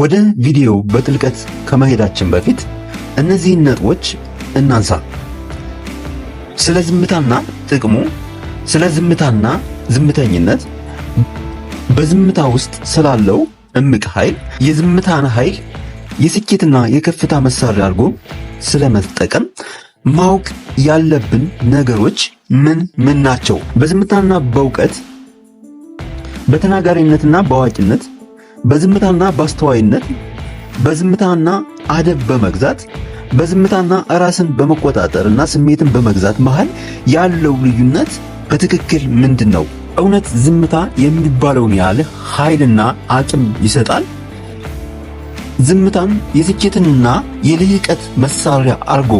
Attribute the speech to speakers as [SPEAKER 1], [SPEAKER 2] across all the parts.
[SPEAKER 1] ወደ ቪዲዮ በጥልቀት ከመሄዳችን በፊት እነዚህን ነጥቦች እናንሳ። ስለ ዝምታና ጥቅሙ፣ ስለ ዝምታና ዝምተኝነት፣ በዝምታ ውስጥ ስላለው እምቅ ኃይል፣ የዝምታን ኃይል የስኬትና የከፍታ መሳሪያ አድርጎ ስለ መጠቀም ማወቅ ያለብን ነገሮች ምን ምን ናቸው? በዝምታና በእውቀት በተናጋሪነትና በአዋቂነት በዝምታና በአስተዋይነት በዝምታና አደብ በመግዛት በዝምታና ራስን በመቆጣጠር እና ስሜትን በመግዛት መሃል ያለው ልዩነት በትክክል ምንድን ነው? እውነት ዝምታ የሚባለውን ያህል ኃይልና አቅም ይሰጣል? ዝምታን የስኬትንና የልህቀት መሳሪያ አርጎ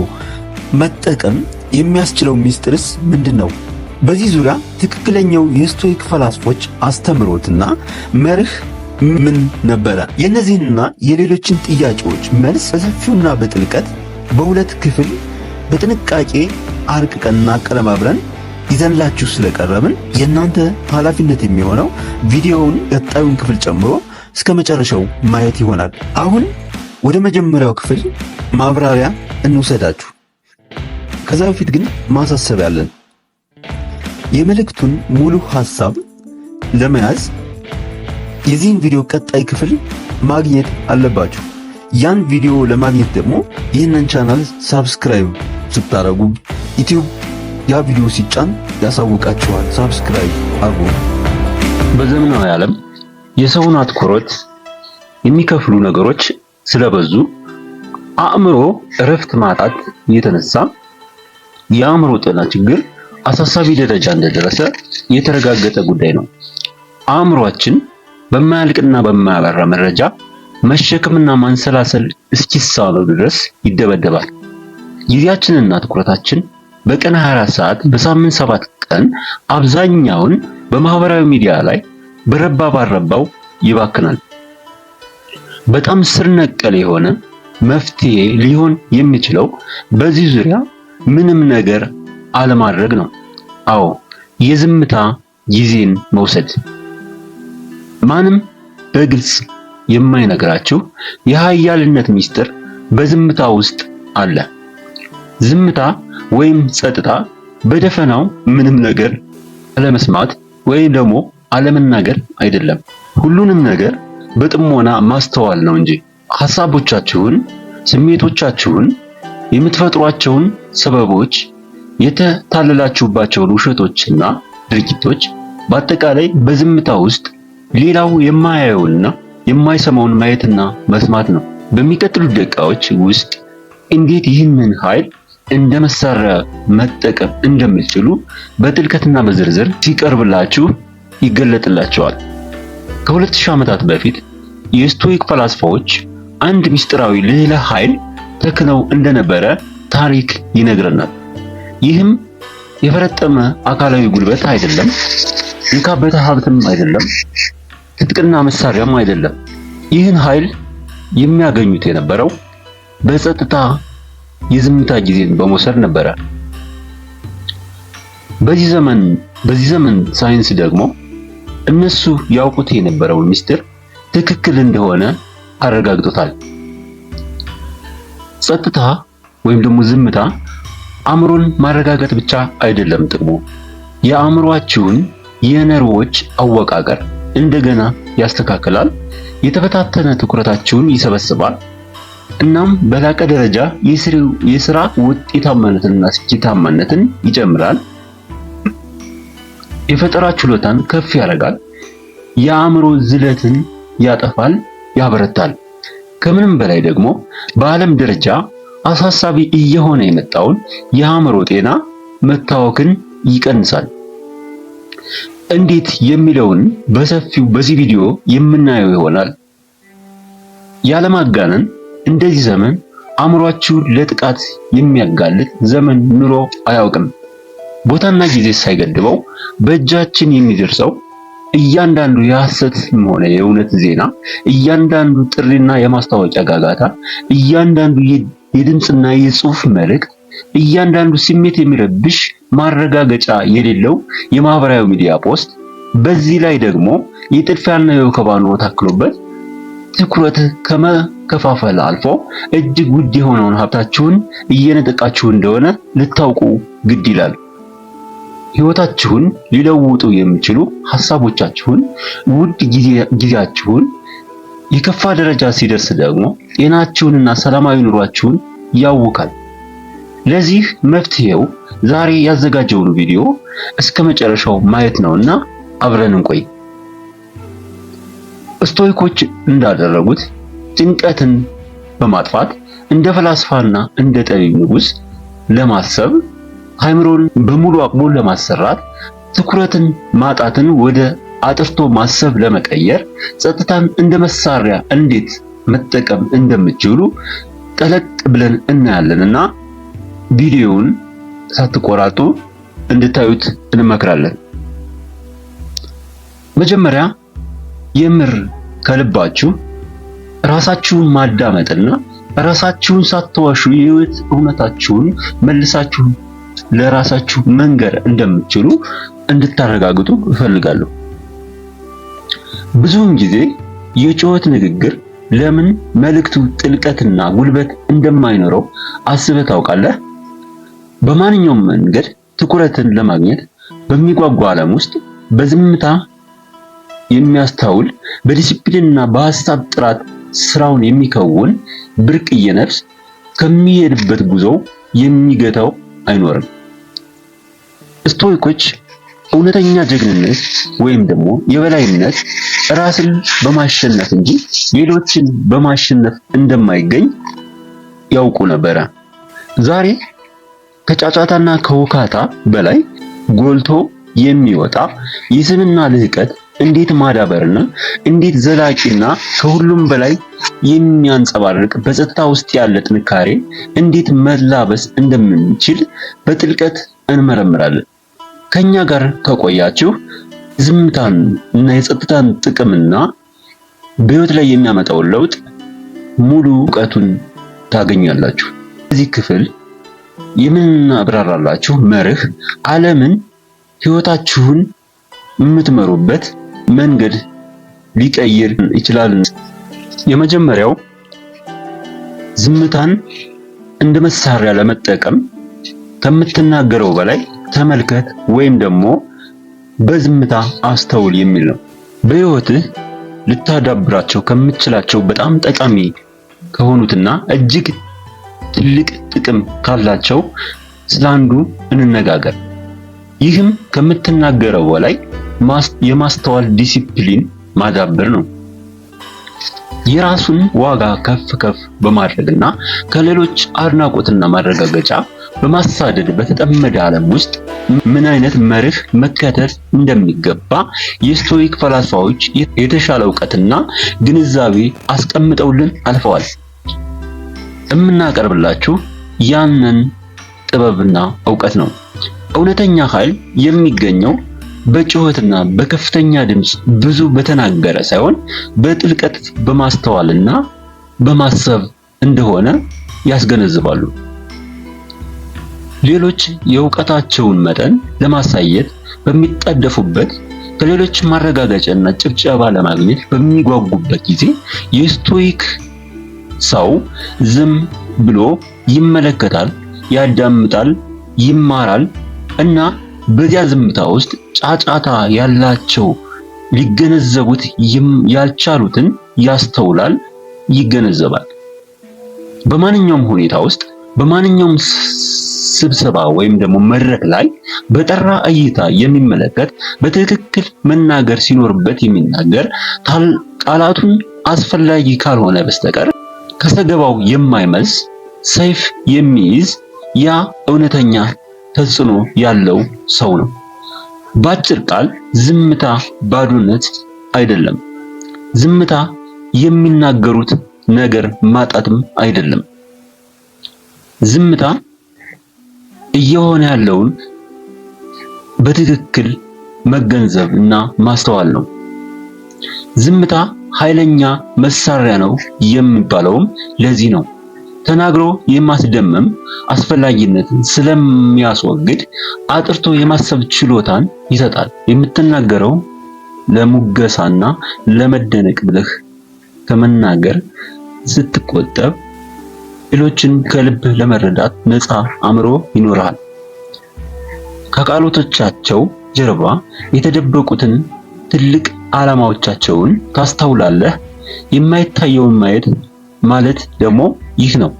[SPEAKER 1] መጠቀም የሚያስችለው ሚስጥርስ ምንድን ነው? በዚህ ዙሪያ ትክክለኛው የስቶይክ ፈላስፎች አስተምሮትና መርህ ምን ነበረ? የእነዚህንና የሌሎችን ጥያቄዎች መልስ በሰፊውና በጥልቀት በሁለት ክፍል በጥንቃቄ አርቅቀንና አቀነባብረን ይዘንላችሁ ስለቀረብን የእናንተ ኃላፊነት የሚሆነው ቪዲዮውን ቀጣዩን ክፍል ጨምሮ እስከ መጨረሻው ማየት ይሆናል። አሁን ወደ መጀመሪያው ክፍል ማብራሪያ እንውሰዳችሁ። ከዛ በፊት ግን ማሳሰብ ያለን የመልእክቱን ሙሉ ሐሳብ ለመያዝ የዚህን ቪዲዮ ቀጣይ ክፍል ማግኘት አለባችሁ። ያን ቪዲዮ ለማግኘት ደግሞ ይህንን ቻናል ሳብስክራይብ ስታደርጉ ዩቲዩብ ያ ቪዲዮ ሲጫን ያሳውቃችኋል። ሳብስክራይብ አርጉ። በዘመናዊ ዓለም የሰውን አትኩሮት የሚከፍሉ ነገሮች ስለበዙ አእምሮ እረፍት ማጣት የተነሳ የአእምሮ ጤና ችግር አሳሳቢ ደረጃ እንደደረሰ የተረጋገጠ ጉዳይ ነው። አእምሯችን በማያልቅና በማያበራ መረጃ መሸከምና ማንሰላሰል እስኪሳነው ድረስ ይደበደባል። ጊዜያችንና ትኩረታችን በቀን 24 ሰዓት በሳምንት 7 ቀን አብዛኛውን በማህበራዊ ሚዲያ ላይ በረባ ባረባው ይባክናል። በጣም ስር ነቀል የሆነ መፍትሄ ሊሆን የሚችለው በዚህ ዙሪያ ምንም ነገር አለማድረግ ነው። አዎ የዝምታ ጊዜን መውሰድ ማንም በግልጽ የማይነግራችሁ የኃያልነት ምስጢር በዝምታ ውስጥ አለ። ዝምታ ወይም ጸጥታ በደፈናው ምንም ነገር አለመስማት ወይም ደግሞ አለመናገር አይደለም። ሁሉንም ነገር በጥሞና ማስተዋል ነው እንጂ ሐሳቦቻችሁን፣ ስሜቶቻችሁን፣ የምትፈጥሯቸውን ሰበቦች፣ የተታለላችሁባቸውን ውሸቶችና ድርጊቶች በአጠቃላይ በዝምታ ውስጥ ሌላው የማያየውና የማይሰማውን ማየትና መስማት ነው። በሚቀጥሉት ደቂቃዎች ውስጥ እንዴት ይህንን ኃይል እንደ መሳሪያ መጠቀም እንደምትችሉ በጥልቀትና በዝርዝር ሲቀርብላችሁ ይገለጥላችኋል። ከ ከ2000 ዓመታት በፊት የስቶይክ ፈላስፋዎች አንድ ምስጢራዊ ሌላ ኃይል ተክለው እንደነበረ ታሪክ ይነግረናል። ይህም የፈረጠመ አካላዊ ጉልበት አይደለም፣ የካበተ ሀብትም አይደለም፣ ትጥቅና መሳሪያም አይደለም። ይህን ኃይል የሚያገኙት የነበረው በጸጥታ የዝምታ ጊዜን በመውሰድ ነበረ። በዚህ ዘመን በዚህ ዘመን ሳይንስ ደግሞ እነሱ ያውቁት የነበረውን ምስጢር ትክክል እንደሆነ አረጋግጦታል። ጸጥታ ወይም ደግሞ ዝምታ አእምሮን ማረጋጋት ብቻ አይደለም ጥቅሙ የአእምሮአችሁን የነርቮች አወቃቀር እንደገና ያስተካክላል፣ የተበታተነ ትኩረታችሁን ይሰበስባል። እናም በላቀ ደረጃ የስራ ውጤታማነትንና ስኬታማነትን ይጨምራል። የፈጠራ ችሎታን ከፍ ያደርጋል። የአእምሮ ዝለትን ያጠፋል፣ ያበረታል። ከምንም በላይ ደግሞ በዓለም ደረጃ አሳሳቢ እየሆነ የመጣውን የአእምሮ ጤና መታወክን ይቀንሳል። እንዴት የሚለውን በሰፊው በዚህ ቪዲዮ የምናየው ይሆናል። ያለማጋነን እንደዚህ ዘመን አእምሯችሁን ለጥቃት የሚያጋልጥ ዘመን ኑሮ አያውቅም። ቦታና ጊዜ ሳይገድበው በእጃችን የሚደርሰው እያንዳንዱ የሐሰትም ሆነ የእውነት ዜና፣ እያንዳንዱ ጥሪና የማስታወቂያ ጋጋታ፣ እያንዳንዱ የድምፅና የጽሑፍ መልእክት፣ እያንዳንዱ ስሜት የሚረብሽ ማረጋገጫ የሌለው የማህበራዊ ሚዲያ ፖስት፣ በዚህ ላይ ደግሞ የጥድፊያና የወከባ ኑሮ ታክሎበት ትኩረት ከመከፋፈል አልፎ እጅግ ውድ የሆነውን ሀብታችሁን እየነጠቃችሁ እንደሆነ ልታውቁ ግድ ይላል። ህይወታችሁን ሊለውጡ የሚችሉ ሐሳቦቻችሁን፣ ውድ ጊዜያችሁን የከፋ ደረጃ ሲደርስ ደግሞ ጤናችሁንና ሰላማዊ ኑሯችሁን ያውካል። ለዚህ መፍትሄው ዛሬ ያዘጋጀውን ቪዲዮ እስከ መጨረሻው ማየት ነውና አብረን እንቆይ። ስቶይኮች እንዳደረጉት ጭንቀትን በማጥፋት እንደ ፈላስፋና እንደ ጠቢብ ንጉስ ለማሰብ አይምሮን በሙሉ አቅሙ ለማሰራት ትኩረትን ማጣትን ወደ አጥርቶ ማሰብ ለመቀየር ጸጥታን እንደ መሳሪያ እንዴት መጠቀም እንደምትችሉ ጠለቅ ብለን እናያለንና ቪዲዮውን ሳትቆራጡ እንድታዩት እንመክራለን። መጀመሪያ የምር ከልባችሁ ራሳችሁን ማዳመጥና ራሳችሁን ሳትዋሹ የህይወት እውነታችሁን መልሳችሁ ለራሳችሁ መንገር እንደምትችሉ እንድታረጋግጡ እፈልጋለሁ። ብዙውን ጊዜ የጩኸት ንግግር ለምን መልእክቱ ጥልቀትና ጉልበት እንደማይኖረው አስበህ ታውቃለህ? በማንኛውም መንገድ ትኩረትን ለማግኘት በሚጓጓ ዓለም ውስጥ በዝምታ የሚያስተውል በዲሲፕሊንና በሐሳብ ጥራት ስራውን የሚከውን ብርቅዬ ነፍስ ከሚሄድበት ጉዞ የሚገታው አይኖርም። ስቶይኮች እውነተኛ ጀግንነት ወይም ደግሞ የበላይነት ራስን በማሸነፍ እንጂ ሌሎችን በማሸነፍ እንደማይገኝ ያውቁ ነበረ። ዛሬ ከጫጫታና ከውካታ በላይ ጎልቶ የሚወጣ የስብና ልህቀት እንዴት ማዳበርና እንዴት ዘላቂና ከሁሉም በላይ የሚያንጸባርቅ በጸጥታ ውስጥ ያለ ጥንካሬ እንዴት መላበስ እንደምንችል በጥልቀት እንመረምራለን። ከኛ ጋር ከቆያችሁ ዝምታን እና የጸጥታን ጥቅምና በህይወት ላይ የሚያመጣውን ለውጥ ሙሉ እውቀቱን ታገኛላችሁ። እዚህ ክፍል የምናብራራላችሁ መርህ ዓለምን ህይወታችሁን የምትመሩበት መንገድ ሊቀይር ይችላል። የመጀመሪያው ዝምታን እንደ መሳሪያ ለመጠቀም ከምትናገረው በላይ ተመልከት ወይም ደግሞ በዝምታ አስተውል የሚል ነው። በህይወትህ ልታዳብራቸው ከምትችላቸው በጣም ጠቃሚ ከሆኑትና እጅግ ትልቅ ጥቅም ካላቸው ስለ አንዱ እንነጋገር። ይህም ከምትናገረው በላይ የማስተዋል ዲሲፕሊን ማዳበር ነው። የራሱን ዋጋ ከፍ ከፍ በማድረግና ከሌሎች አድናቆትና ማረጋገጫ በማሳደድ በተጠመደ ዓለም ውስጥ ምን አይነት መርህ መከተል እንደሚገባ የስቶይክ ፈላስፋዎች የተሻለ እውቀትና ግንዛቤ አስቀምጠውልን አልፈዋል። የምናቀርብላችሁ ያንን ጥበብና እውቀት ነው። እውነተኛ ኃይል የሚገኘው በጩኸትና በከፍተኛ ድምፅ ብዙ በተናገረ ሳይሆን በጥልቀት በማስተዋልና በማሰብ እንደሆነ ያስገነዝባሉ። ሌሎች የእውቀታቸውን መጠን ለማሳየት በሚጣደፉበት ከሌሎች ማረጋገጫና ጭብጨባ ለማግኘት በሚጓጉበት ጊዜ የስቶይክ ሰው ዝም ብሎ ይመለከታል፣ ያዳምጣል፣ ይማራል እና በዚያ ዝምታ ውስጥ ጫጫታ ያላቸው ሊገነዘቡት ያልቻሉትን ያስተውላል፣ ይገነዘባል። በማንኛውም ሁኔታ ውስጥ በማንኛውም ስብሰባ ወይም ደግሞ መድረክ ላይ በጠራ እይታ የሚመለከት በትክክል መናገር ሲኖርበት የሚናገር ቃላቱን አስፈላጊ ካልሆነ በስተቀር ከሰገባው የማይመልስ ሰይፍ የሚይዝ ያ እውነተኛ ተጽዕኖ ያለው ሰው ነው። በአጭር ቃል ዝምታ ባዶነት አይደለም። ዝምታ የሚናገሩት ነገር ማጣትም አይደለም። ዝምታ እየሆነ ያለውን በትክክል መገንዘብ እና ማስተዋል ነው። ዝምታ ኃይለኛ መሳሪያ ነው የሚባለውም ለዚህ ነው። ተናግሮ የማስደመም አስፈላጊነትን ስለሚያስወግድ አጥርቶ የማሰብ ችሎታን ይሰጣል። የምትናገረው ለሙገሳና ለመደነቅ ብለህ ከመናገር ስትቆጠብ ሌሎችን ከልብ ለመረዳት ነፃ አእምሮ ይኖርሃል። ከቃሎቶቻቸው ጀርባ የተደበቁትን ትልቅ ዓላማዎቻቸውን ታስተውላለህ። የማይታየውን ማየት ማለት ደግሞ ይህ ነው።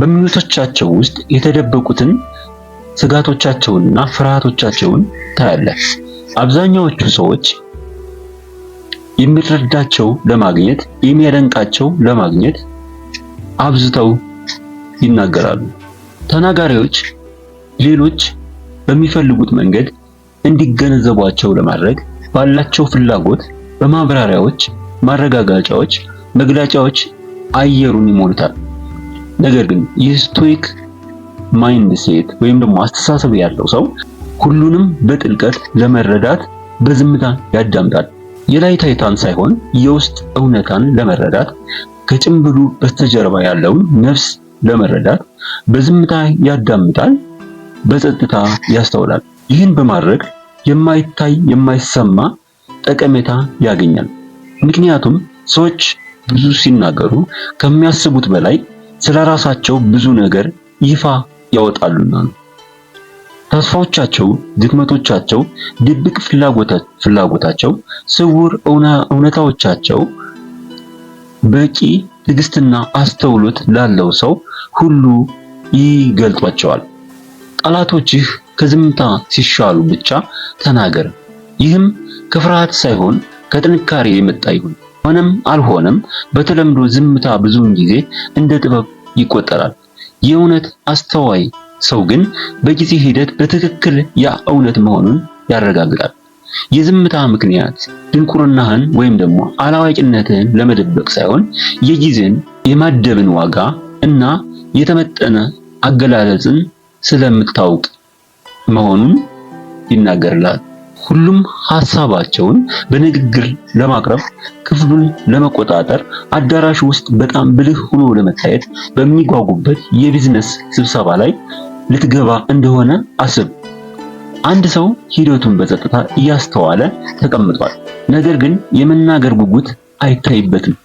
[SPEAKER 1] በምኞቶቻቸው ውስጥ የተደበቁትን ስጋቶቻቸውንና ፍርሃቶቻቸውን ታያለህ። አብዛኛዎቹ ሰዎች የሚረዳቸው ለማግኘት የሚያደንቃቸው ለማግኘት አብዝተው ይናገራሉ። ተናጋሪዎች ሌሎች በሚፈልጉት መንገድ እንዲገነዘቧቸው ለማድረግ ባላቸው ፍላጎት በማብራሪያዎች፣ ማረጋጋጫዎች፣ መግለጫዎች አየሩን ይሞሉታል። ነገር ግን የስቶይክ ማይንድ ሴት ወይም ደግሞ አስተሳሰብ ያለው ሰው ሁሉንም በጥልቀት ለመረዳት በዝምታ ያዳምጣል። የላይ ታይታን ሳይሆን የውስጥ እውነታን ለመረዳት ከጭምብሉ በስተጀርባ ያለውን ነፍስ ለመረዳት በዝምታ ያዳምጣል፣ በጸጥታ ያስተውላል። ይህን በማድረግ የማይታይ የማይሰማ ጠቀሜታ ያገኛል። ምክንያቱም ሰዎች ብዙ ሲናገሩ ከሚያስቡት በላይ ስለራሳቸው ብዙ ነገር ይፋ ያወጣሉና ነው። ተስፋዎቻቸው፣ ድክመቶቻቸው፣ ድብቅ ፍላጎታቸው፣ ስውር እውነታዎቻቸው በቂ ትዕግስትና አስተውሎት ላለው ሰው ሁሉ ይገልጧቸዋል። ጠላቶችህ ከዝምታ ሲሻሉ ብቻ ተናገር። ይህም ከፍርሃት ሳይሆን ከጥንካሬ የመጣ ይሁን። ሆነም አልሆነም በተለምዶ ዝምታ ብዙውን ጊዜ እንደ ጥበብ ይቆጠራል። የእውነት አስተዋይ ሰው ግን በጊዜ ሂደት በትክክል ያ እውነት መሆኑን ያረጋግጣል። የዝምታ ምክንያት ድንቁርናህን ወይም ደግሞ አላዋቂነትህን ለመደበቅ ሳይሆን የጊዜን የማደብን ዋጋ እና የተመጠነ አገላለጽን ስለምታውቅ መሆኑን ይናገርላል። ሁሉም ሀሳባቸውን በንግግር ለማቅረብ፣ ክፍሉን ለመቆጣጠር፣ አዳራሽ ውስጥ በጣም ብልህ ሆኖ ለመታየት በሚጓጉበት የቢዝነስ ስብሰባ ላይ ልትገባ እንደሆነ አስብ። አንድ ሰው ሂደቱን በጸጥታ እያስተዋለ ተቀምጧል፣ ነገር ግን የመናገር ጉጉት አይታይበትም።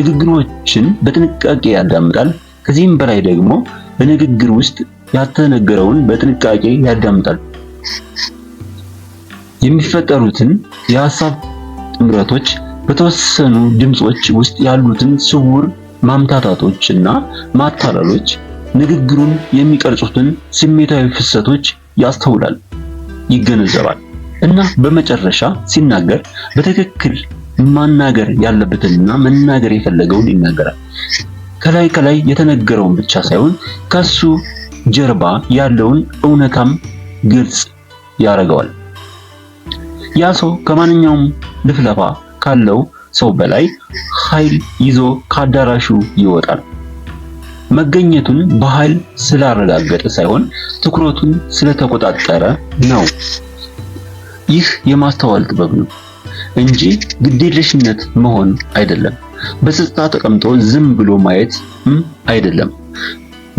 [SPEAKER 1] ንግግሮችን በጥንቃቄ ያዳምጣል። ከዚህም በላይ ደግሞ በንግግር ውስጥ ያልተነገረውን በጥንቃቄ ያዳምጣል። የሚፈጠሩትን የሀሳብ ጥምረቶች፣ በተወሰኑ ድምጾች ውስጥ ያሉትን ስውር ማምታታቶች እና ማታለሎች፣ ንግግሩን የሚቀርጹትን ስሜታዊ ፍሰቶች ያስተውላል፣ ይገነዘባል እና በመጨረሻ ሲናገር በትክክል ማናገር ያለበትንና መናገር የፈለገውን ይናገራል። ከላይ ከላይ የተነገረውን ብቻ ሳይሆን ከሱ ጀርባ ያለውን እውነታም ግልጽ ያደርገዋል። ያ ሰው ከማንኛውም ልፍለፋ ካለው ሰው በላይ ኃይል ይዞ ከአዳራሹ ይወጣል። መገኘቱን በኃይል ስላረጋገጠ ሳይሆን ትኩረቱን ስለተቆጣጠረ ነው። ይህ የማስተዋል ጥበብ ነው እንጂ ግዴለሽነት መሆን አይደለም። በጸጥታ ተቀምጦ ዝም ብሎ ማየትም አይደለም።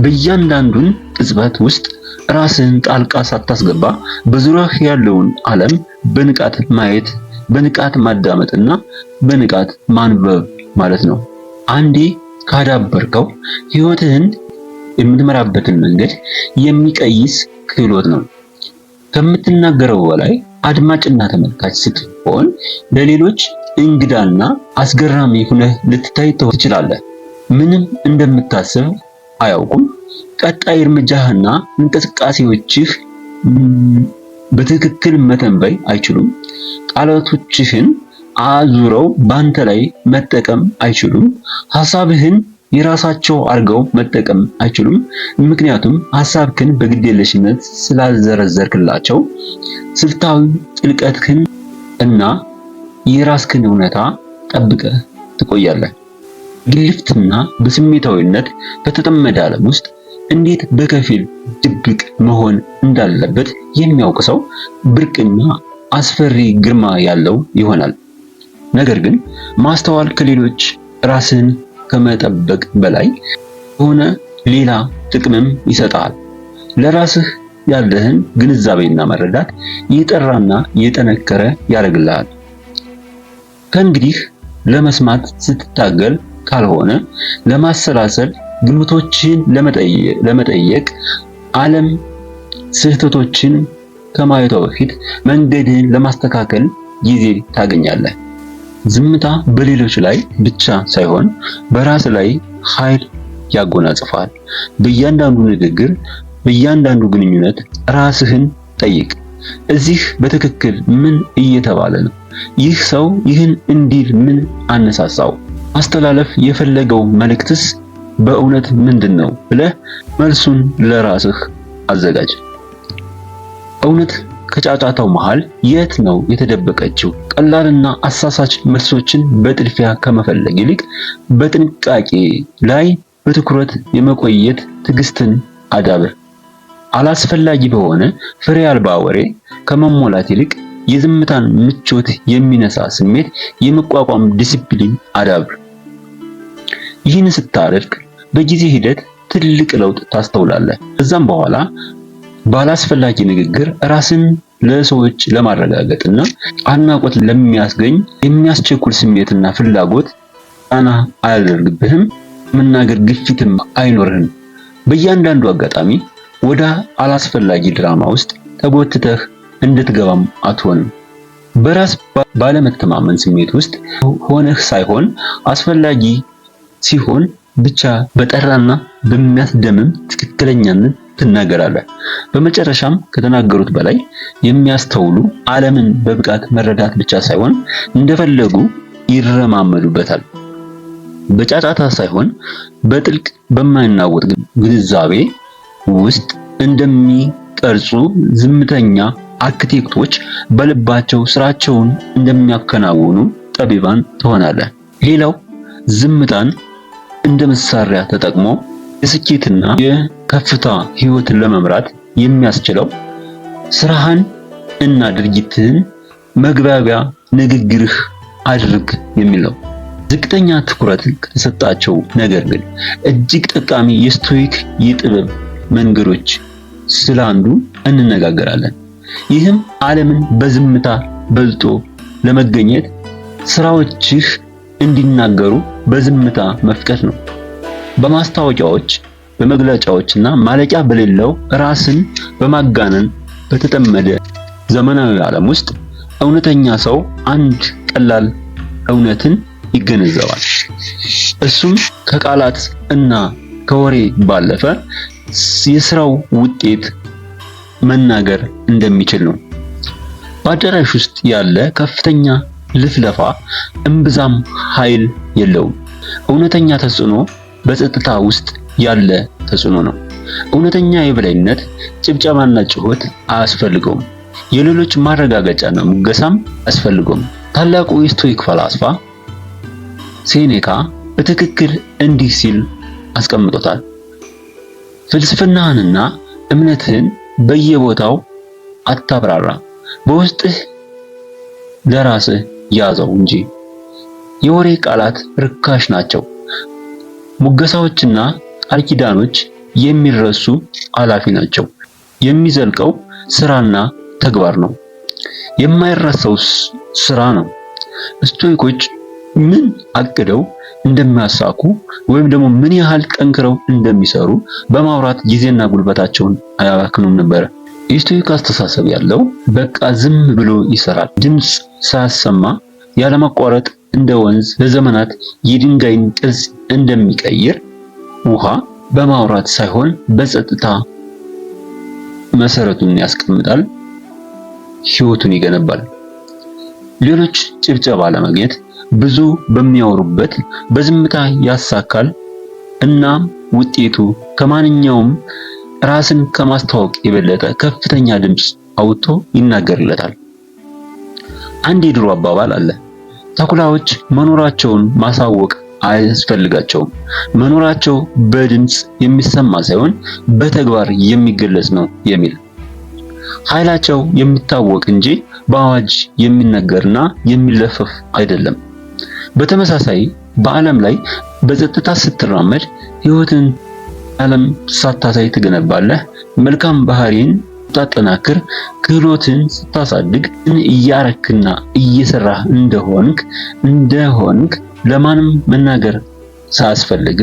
[SPEAKER 1] በእያንዳንዱን ቅጽበት ውስጥ ራስን ጣልቃ ሳታስገባ በዙሪያህ ያለውን ዓለም በንቃት ማየት፣ በንቃት ማዳመጥና በንቃት ማንበብ ማለት ነው። አንዴ ካዳበርከው ህይወትህን የምትመራበትን መንገድ የሚቀይስ ክህሎት ነው። ከምትናገረው በላይ አድማጭና ተመልካች ስትሆን ለሌሎች እንግዳና አስገራሚ ሁነህ ልትታይ ትችላለህ። ምንም እንደምታስብ አያውቁም። ቀጣይ እርምጃህና እንቅስቃሴዎችህ በትክክል መተንበይ አይችሉም። ቃላቶችህን አዙረው ባንተ ላይ መጠቀም አይችሉም። ሐሳብህን የራሳቸው አድርገው መጠቀም አይችሉም። ምክንያቱም ሐሳብክን በግዴለሽነት ስላዘረዘርክላቸው ስልታዊ ጥልቀትህን እና የራስክን እውነታ ጠብቀህ ትቆያለህ። ግልፍትና በስሜታዊነት በተጠመደ ዓለም ውስጥ እንዴት በከፊል ድብቅ መሆን እንዳለበት የሚያውቅ ሰው ብርቅና አስፈሪ ግርማ ያለው ይሆናል። ነገር ግን ማስተዋል ከሌሎች ራስን ከመጠበቅ በላይ የሆነ ሌላ ጥቅምም ይሰጣል። ለራስህ ያለህን ግንዛቤና መረዳት የጠራና የጠነከረ ያደርግልሃል። ከእንግዲህ ለመስማት ስትታገል ካልሆነ ለማሰላሰል ግምቶችን ለመጠየቅ ዓለም ስህተቶችን ከማየቷ በፊት መንገድን ለማስተካከል ጊዜ ታገኛለህ። ዝምታ በሌሎች ላይ ብቻ ሳይሆን በራስ ላይ ኃይል ያጎናጽፋል። በእያንዳንዱ ንግግር፣ በእያንዳንዱ ግንኙነት ራስህን ጠይቅ። እዚህ በትክክል ምን እየተባለ ነው? ይህ ሰው ይህን እንዲል ምን አነሳሳው? ማስተላለፍ የፈለገው መልእክትስ በእውነት ምንድን ነው ብለህ መልሱን ለራስህ አዘጋጅ። እውነት ከጫጫታው መሃል የት ነው የተደበቀችው? ቀላልና አሳሳች መልሶችን በጥድፊያ ከመፈለግ ይልቅ በጥንቃቄ ላይ በትኩረት የመቆየት ትዕግስትን አዳብር። አላስፈላጊ በሆነ ፍሬ አልባ ወሬ ከመሞላት ይልቅ የዝምታን ምቾት የሚነሳ ስሜት የመቋቋም ዲሲፕሊን አዳብር። ይህን ስታደርግ በጊዜ ሂደት ትልቅ ለውጥ ታስተውላለህ። ከዛም በኋላ ባላስፈላጊ ንግግር ራስን ለሰዎች ለማረጋገጥና እና አድናቆት ለሚያስገኝ የሚያስቸኩል ስሜትና ፍላጎት ጫና አያደርግብህም። መናገር ግፊትም አይኖርህም። በእያንዳንዱ አጋጣሚ ወደ አላስፈላጊ ድራማ ውስጥ ተጎትተህ እንድትገባም አትሆንም። በራስ ባለመተማመን ስሜት ውስጥ ሆነህ ሳይሆን አስፈላጊ ሲሆን ብቻ በጠራና በሚያስደምም ትክክለኛነት ትናገራለህ። በመጨረሻም ከተናገሩት በላይ የሚያስተውሉ ዓለምን በብቃት መረዳት ብቻ ሳይሆን እንደፈለጉ ይረማመዱበታል። በጫጫታ ሳይሆን በጥልቅ በማይናወጥ ግንዛቤ ውስጥ እንደሚቀርጹ ዝምተኛ አርክቴክቶች በልባቸው ስራቸውን እንደሚያከናውኑ ጠቢባን ትሆናለህ። ሌላው ዝምታን እንደ መሳሪያ ተጠቅሞ የስኬትና የከፍታ ህይወትን ለመምራት የሚያስችለው ስራህን እና ድርጊትህን መግባቢያ ንግግርህ አድርግ የሚለው ዝቅተኛ ትኩረት ከተሰጣቸው ነገር ግን እጅግ ጠቃሚ የስቶይክ የጥበብ መንገዶች ስለ አንዱ እንነጋገራለን። ይህም ዓለምን በዝምታ በልጦ ለመገኘት ስራዎችህ እንዲናገሩ በዝምታ መፍቀድ ነው። በማስታወቂያዎች በመግለጫዎችና ማለቂያ በሌለው ራስን በማጋነን በተጠመደ ዘመናዊ ዓለም ውስጥ እውነተኛ ሰው አንድ ቀላል እውነትን ይገነዘባል። እሱም ከቃላት እና ከወሬ ባለፈ የስራው ውጤት መናገር እንደሚችል ነው። በአዳራሽ ውስጥ ያለ ከፍተኛ ልትለፋ እምብዛም ኃይል የለውም። እውነተኛ ተጽዕኖ በጸጥታ ውስጥ ያለ ተጽዕኖ ነው። እውነተኛ የበላይነት ጭብጨባና ጩኸት አያስፈልገውም። የሌሎች ማረጋገጫና ሙገሳም አያስፈልገውም። ታላቁ የስቶይክ ፈላስፋ ሴኔካ በትክክል እንዲህ ሲል አስቀምጦታል። ፍልስፍናህንና እምነትህን በየቦታው አታብራራ፣ በውስጥህ ለራስህ ያዘው እንጂ። የወሬ ቃላት ርካሽ ናቸው። ሙገሳዎችና አርኪዳኖች የሚረሱ አላፊ ናቸው። የሚዘልቀው ስራና ተግባር ነው። የማይረሳው ስራ ነው። ስቶይኮች ምን አቅደው እንደሚያሳኩ ወይም ደግሞ ምን ያህል ጠንክረው እንደሚሰሩ በማውራት ጊዜና ጉልበታቸውን አያባክኑም ነበር። ስቶይክ አስተሳሰብ ያለው በቃ ዝም ብሎ ይሰራል። ድምፅ ሳያሰማ ያለማቋረጥ እንደ ወንዝ ለዘመናት የድንጋይን ቅርጽ እንደሚቀይር ውሃ በማውራት ሳይሆን በጸጥታ መሰረቱን ያስቀምጣል፣ ህይወቱን ይገነባል። ሌሎች ጭብጨባ ለማግኘት ብዙ በሚያወሩበት በዝምታ ያሳካል። እናም ውጤቱ ከማንኛውም ራስን ከማስተዋወቅ የበለጠ ከፍተኛ ድምፅ አውጥቶ ይናገርለታል። አንድ የድሮ አባባል አለ፣ ተኩላዎች መኖራቸውን ማሳወቅ አያስፈልጋቸውም። መኖራቸው በድምፅ የሚሰማ ሳይሆን በተግባር የሚገለጽ ነው የሚል ኃይላቸው የሚታወቅ እንጂ በአዋጅ የሚነገርና የሚለፈፍ አይደለም። በተመሳሳይ በዓለም ላይ በጸጥታ ስትራመድ ሕይወትን ዓለም ሳታሳይ ትገነባለህ። መልካም ባህሪን ስታጠናክር፣ ክህሎትን ስታሳድግ፣ እያረክና እየሰራህ እንደሆንክ እንደሆንክ ለማንም መናገር ሳያስፈልግ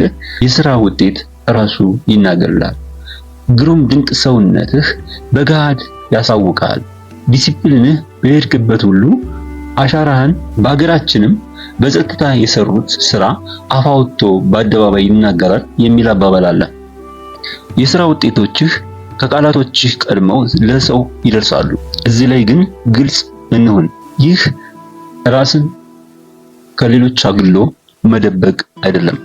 [SPEAKER 1] የስራ ውጤት ራሱ ይናገርላል። ግሩም ድንቅ ሰውነትህ በገሃድ ያሳውቃል። ዲሲፕሊንህ በሄድክበት ሁሉ አሻራህን በሀገራችንም በጸጥታ የሰሩት ስራ አፋውቶ በአደባባይ ይናገራል የሚል አባባል አለ። የሥራ ውጤቶችህ ከቃላቶችህ ቀድመው ለሰው ይደርሳሉ። እዚህ ላይ ግን ግልጽ እንሁን፣ ይህ ራስን ከሌሎች አግሎ መደበቅ አይደለም።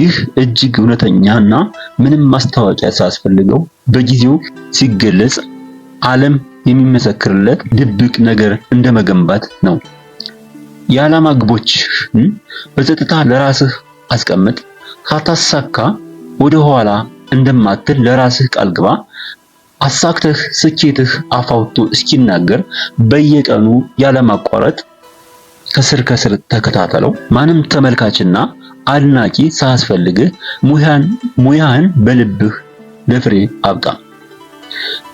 [SPEAKER 1] ይህ እጅግ እውነተኛ እና ምንም ማስታወቂያ ሳያስፈልገው በጊዜው ሲገለጽ ዓለም የሚመሰክርለት ድብቅ ነገር እንደመገንባት ነው። የዓላማ ግቦችህን በጸጥታ ለራስህ አስቀምጥ። ካታሳካ ወደ ኋላ እንደማትል ለራስህ ቃል ግባ። አሳክተህ ስኬትህ አፋውቶ እስኪናገር በየቀኑ ያለማቋረጥ ከስር ከስር ተከታተለው። ማንም ተመልካችና አድናቂ ሳያስፈልግህ ሙያህን በልብህ ለፍሬ አብቃ።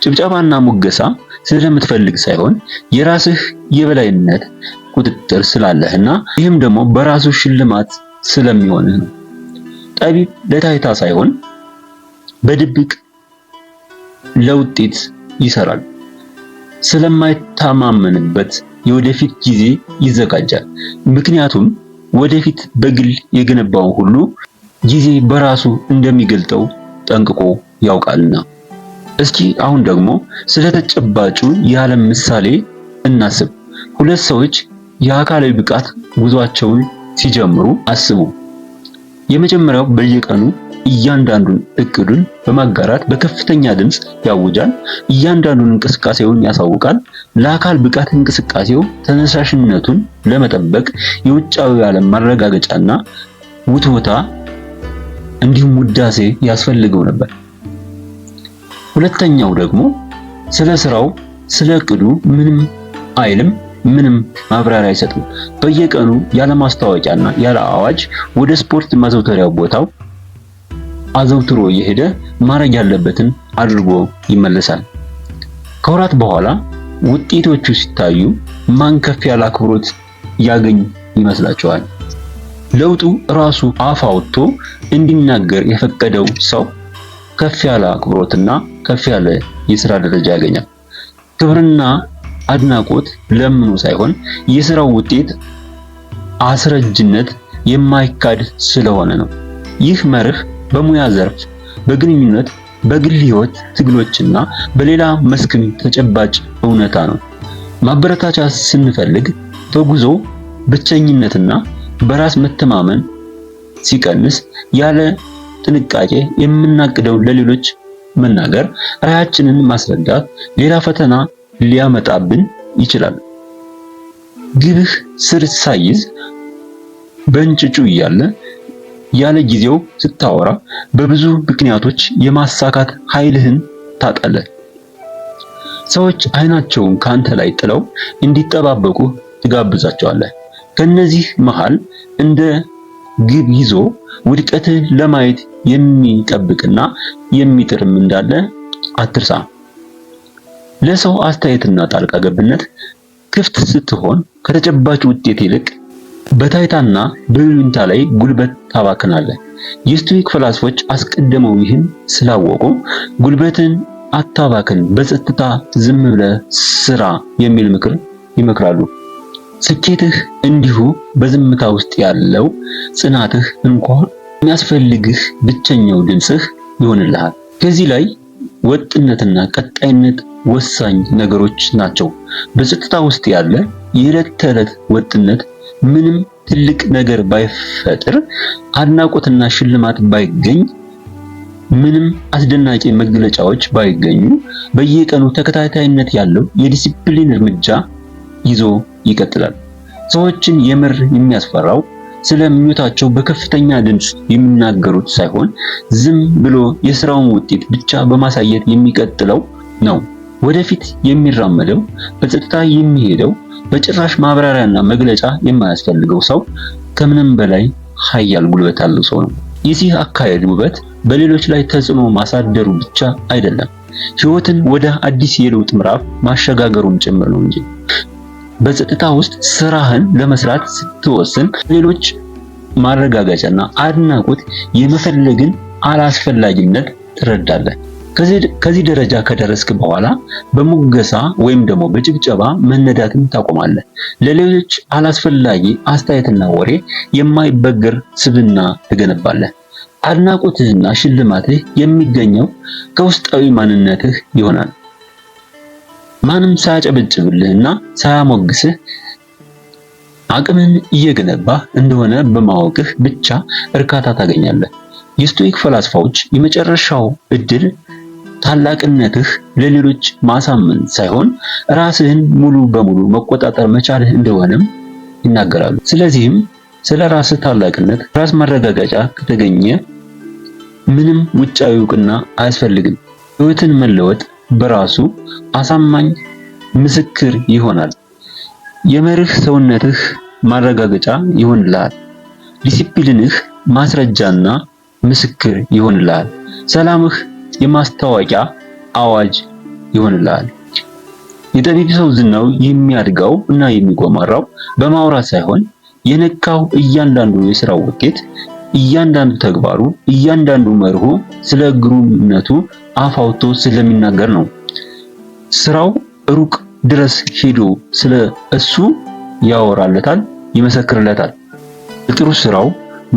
[SPEAKER 1] ጭብጨባና ሙገሳ ስለምትፈልግ ሳይሆን የራስህ የበላይነት ቁጥጥር ስላለህና ይህም ደግሞ በራሱ ሽልማት ስለሚሆንህ ነው። ጠቢብ ለታይታ ሳይሆን በድብቅ ለውጤት ይሰራል። ስለማይተማመንበት የወደፊት ጊዜ ይዘጋጃል። ምክንያቱም ወደፊት በግል የገነባውን ሁሉ ጊዜ በራሱ እንደሚገልጠው ጠንቅቆ ያውቃልና። እስኪ አሁን ደግሞ ስለ ተጨባጩ የዓለም ምሳሌ እናስብ። ሁለት ሰዎች የአካላዊ ብቃት ጉዟቸውን ሲጀምሩ አስቡ። የመጀመሪያው በየቀኑ እያንዳንዱን እቅዱን በማጋራት በከፍተኛ ድምፅ ያውጃል። እያንዳንዱን እንቅስቃሴውን ያሳውቃል። ለአካል ብቃት እንቅስቃሴው ተነሳሽነቱን ለመጠበቅ የውጫዊ ዓለም ማረጋገጫና ውትወታ እንዲሁም ውዳሴ ያስፈልገው ነበር። ሁለተኛው ደግሞ ስለ ስራው ስለ እቅዱ ምንም አይልም፣ ምንም ማብራሪያ አይሰጥም። በየቀኑ ያለ ማስታወቂያና ያለ አዋጅ ወደ ስፖርት ማዘውተሪያው ቦታው አዘውትሮ እየሄደ ማድረግ ያለበትን አድርጎ ይመለሳል። ከወራት በኋላ ውጤቶቹ ሲታዩ ማን ከፍ ያለ አክብሮት ያገኝ ይመስላችኋል? ለውጡ ራሱ አፍ አውጥቶ እንዲናገር የፈቀደው ሰው ከፍ ያለ አክብሮትና ከፍ ያለ የሥራ ደረጃ ያገኛል። ክብርና አድናቆት ለምኑ ሳይሆን የሥራው ውጤት አስረጅነት የማይካድ ስለሆነ ነው። ይህ መርህ በሙያ ዘርፍ፣ በግንኙነት፣ በግል ህይወት ትግሎችና በሌላ መስክም ተጨባጭ እውነታ ነው። ማበረታቻ ስንፈልግ በጉዞ ብቸኝነትና በራስ መተማመን ሲቀንስ ያለ ጥንቃቄ የምናቅደው ለሌሎች መናገር፣ ራያችንን ማስረዳት ሌላ ፈተና ሊያመጣብን ይችላል። ግብህ ስር ሳይዝ በእንጭጩ እያለ ያለ ጊዜው ስታወራ በብዙ ምክንያቶች የማሳካት ኃይልህን ታጣለ። ሰዎች አይናቸውን ካንተ ላይ ጥለው እንዲጠባበቁ ትጋብዛቸዋለህ። ከነዚህ መሃል እንደ ግብ ይዞ ውድቀትህ ለማየት የሚጠብቅና የሚጥርም እንዳለ አትርሳ። ለሰው አስተያየትና ጣልቃ ገብነት ክፍት ስትሆን ከተጨባጭ ውጤት ይልቅ በታይታና በዩንታ ላይ ጉልበት ታባክናለህ። የስቶይክ ፈላስፎች አስቀድመው ይህን ስላወቁ ጉልበትን አታባክን፣ በጸጥታ ዝም ብለህ ስራ የሚል ምክር ይመክራሉ። ስኬትህ እንዲሁ በዝምታ ውስጥ ያለው ጽናትህ እንኳ የሚያስፈልግህ ብቸኛው ድምፅህ ይሆንልሃል። ከዚህ ላይ ወጥነትና ቀጣይነት ወሳኝ ነገሮች ናቸው። በጸጥታ ውስጥ ያለ የዕለት ተዕለት ወጥነት ምንም ትልቅ ነገር ባይፈጥር፣ አድናቆትና ሽልማት ባይገኝ፣ ምንም አስደናቂ መግለጫዎች ባይገኙ፣ በየቀኑ ተከታታይነት ያለው የዲሲፕሊን እርምጃ ይዞ ይቀጥላል። ሰዎችን የምር የሚያስፈራው ስለ ምኞታቸው በከፍተኛ ድምፅ የሚናገሩት ሳይሆን ዝም ብሎ የስራውን ውጤት ብቻ በማሳየት የሚቀጥለው ነው። ወደፊት የሚራመደው በጸጥታ የሚሄደው በጭራሽ ማብራሪያና መግለጫ የማያስፈልገው ሰው ከምንም በላይ ኃያል ጉልበት ያለው ሰው ነው። የዚህ አካሄድ ውበት በሌሎች ላይ ተጽዕኖ ማሳደሩ ብቻ አይደለም፣ ሕይወትን ወደ አዲስ የለውጥ ምዕራፍ ማሸጋገሩም ጭምር ነው እንጂ በጸጥታ ውስጥ ስራህን ለመስራት ስትወስን ሌሎች ማረጋገጫና አድናቆት የመፈለግን አላስፈላጊነት ትረዳለህ። ከዚህ ደረጃ ከደረስክ በኋላ በሙገሳ ወይም ደግሞ በጭብጨባ መነዳትን ታቆማለህ። ለሌሎች አላስፈላጊ አስተያየትና ወሬ የማይበገር ስብና ትገነባለህ። አድናቆትህና ሽልማትህ የሚገኘው ከውስጣዊ ማንነትህ ይሆናል። ማንም ሳያጨበጭብልህና ሳያሞግስህ አቅምን እየገነባህ እንደሆነ በማወቅህ ብቻ እርካታ ታገኛለህ። የስቶይክ ፈላስፋዎች የመጨረሻው እድል? ታላቅነትህ ለሌሎች ማሳመን ሳይሆን ራስህን ሙሉ በሙሉ መቆጣጠር መቻልህ እንደሆነም ይናገራሉ። ስለዚህም ስለ ራስህ ታላቅነት ራስ ማረጋገጫ ከተገኘ ምንም ውጫዊ እውቅና አያስፈልግም። ህይወትን መለወጥ በራሱ አሳማኝ ምስክር ይሆናል። የመርህ ሰውነትህ ማረጋገጫ ይሆንልሃል። ዲሲፕሊንህ ማስረጃና ምስክር ይሆንልሃል። ሰላምህ የማስታወቂያ አዋጅ ይሆንልሃል። የጠቢብ ሰው ዝናው የሚያድገው እና የሚጎመራው በማውራት ሳይሆን የነካው እያንዳንዱ የስራው ውጤት፣ እያንዳንዱ ተግባሩ፣ እያንዳንዱ መርሁ ስለ ግሩምነቱ አፍ አውጥቶ ስለሚናገር ነው። ስራው ሩቅ ድረስ ሄዶ ስለ እሱ ያወራለታል፣ ይመሰክርለታል። ለጥሩ ስራው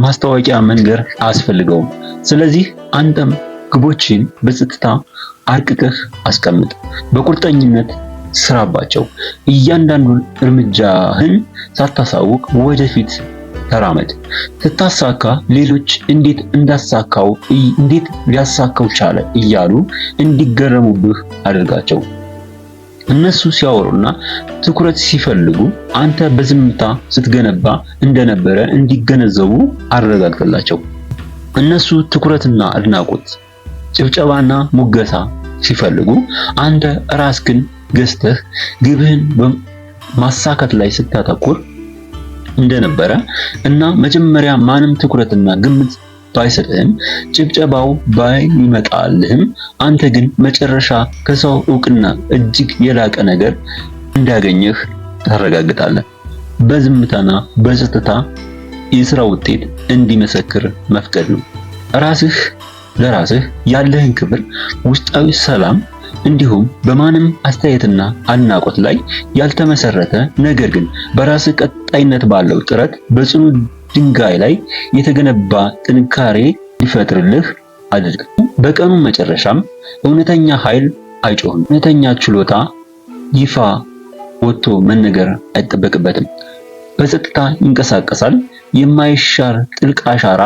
[SPEAKER 1] ማስታወቂያ መንገር አያስፈልገውም። ስለዚህ አንተም ግቦችን በጸጥታ አርቅቀህ አስቀምጥ፣ በቁርጠኝነት ስራባቸው። እያንዳንዱን እርምጃህን ሳታሳውቅ ወደፊት ተራመድ። ስታሳካ ሌሎች እንዴት እንዳሳካው እንዴት ሊያሳካው ቻለ እያሉ እንዲገረሙብህ አድርጋቸው። እነሱ ሲያወሩና ትኩረት ሲፈልጉ አንተ በዝምታ ስትገነባ እንደነበረ እንዲገነዘቡ አረጋግጥላቸው። እነሱ ትኩረትና አድናቆት ጭብጨባና ሙገሳ ሲፈልጉ አንተ ራስ ግን ገዝተህ ግብህን ማሳካት ላይ ስታተኩር እንደነበረ እና መጀመሪያ ማንም ትኩረትና ግምት ባይሰጥህም ጭብጨባው ባይመጣልህም አንተ ግን መጨረሻ ከሰው እውቅና እጅግ የላቀ ነገር እንዳገኘህ ታረጋግጣለህ። በዝምታና በጸጥታ የሥራ ውጤት እንዲመሰክር መፍቀድ ነው ራስህ ለራስህ ያለህን ክብር፣ ውስጣዊ ሰላም እንዲሁም በማንም አስተያየትና አድናቆት ላይ ያልተመሰረተ ነገር ግን በራስህ ቀጣይነት ባለው ጥረት በጽኑ ድንጋይ ላይ የተገነባ ጥንካሬ ሊፈጥርልህ አድርግ። በቀኑ መጨረሻም እውነተኛ ኃይል አይጮህም። እውነተኛ ችሎታ ይፋ ወጥቶ መነገር አይጠበቅበትም። በጸጥታ ይንቀሳቀሳል። የማይሻር ጥልቅ አሻራ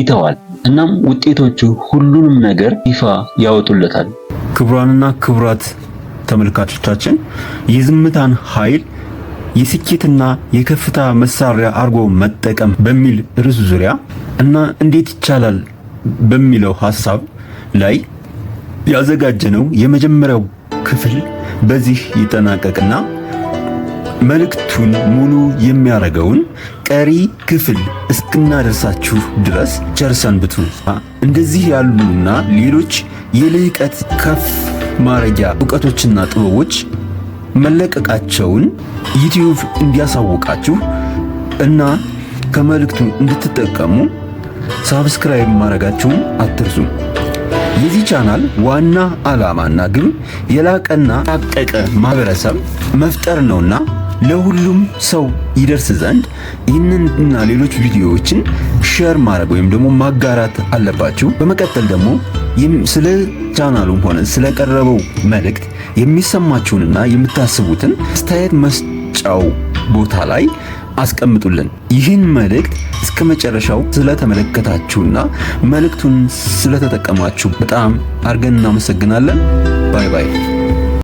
[SPEAKER 1] ይተዋል። እናም ውጤቶቹ ሁሉንም ነገር ይፋ ያወጡለታል። ክቡራንና ክቡራት ተመልካቾቻችን የዝምታን ኃይል የስኬትና የከፍታ መሳሪያ አርጎ መጠቀም በሚል ርዕስ ዙሪያ እና እንዴት ይቻላል በሚለው ሐሳብ ላይ ያዘጋጀነው የመጀመሪያው ክፍል በዚህ ይጠናቀቅና መልእክቱን ሙሉ የሚያደርገውን ቀሪ ክፍል እስክናደርሳችሁ ድረስ ቸር ብቱ እንደዚህ ያሉና ሌሎች የልቀት ከፍ ማረጊያ እውቀቶችና ጥበቦች መለቀቃቸውን ዩቲዩብ እንዲያሳውቃችሁ እና ከመልእክቱ እንድትጠቀሙ ሳብስክራይብ ማድረጋችሁን አትርሱ። የዚህ ቻናል ዋና ዓላማና ግብ የላቀና ታጠቀ ማህበረሰብ መፍጠር ነውና ለሁሉም ሰው ይደርስ ዘንድ ይህንንና ሌሎች ቪዲዮዎችን ሼር ማድረግ ወይም ደግሞ ማጋራት አለባችሁ። በመቀጠል ደግሞ ስለ ቻናሉም ሆነ ስለቀረበው መልእክት የሚሰማችሁንና የምታስቡትን አስተያየት መስጫው ቦታ ላይ አስቀምጡልን። ይህን መልእክት እስከ መጨረሻው ስለተመለከታችሁና መልእክቱን ስለተጠቀማችሁ በጣም አድርገን እናመሰግናለን። ባይ ባይ።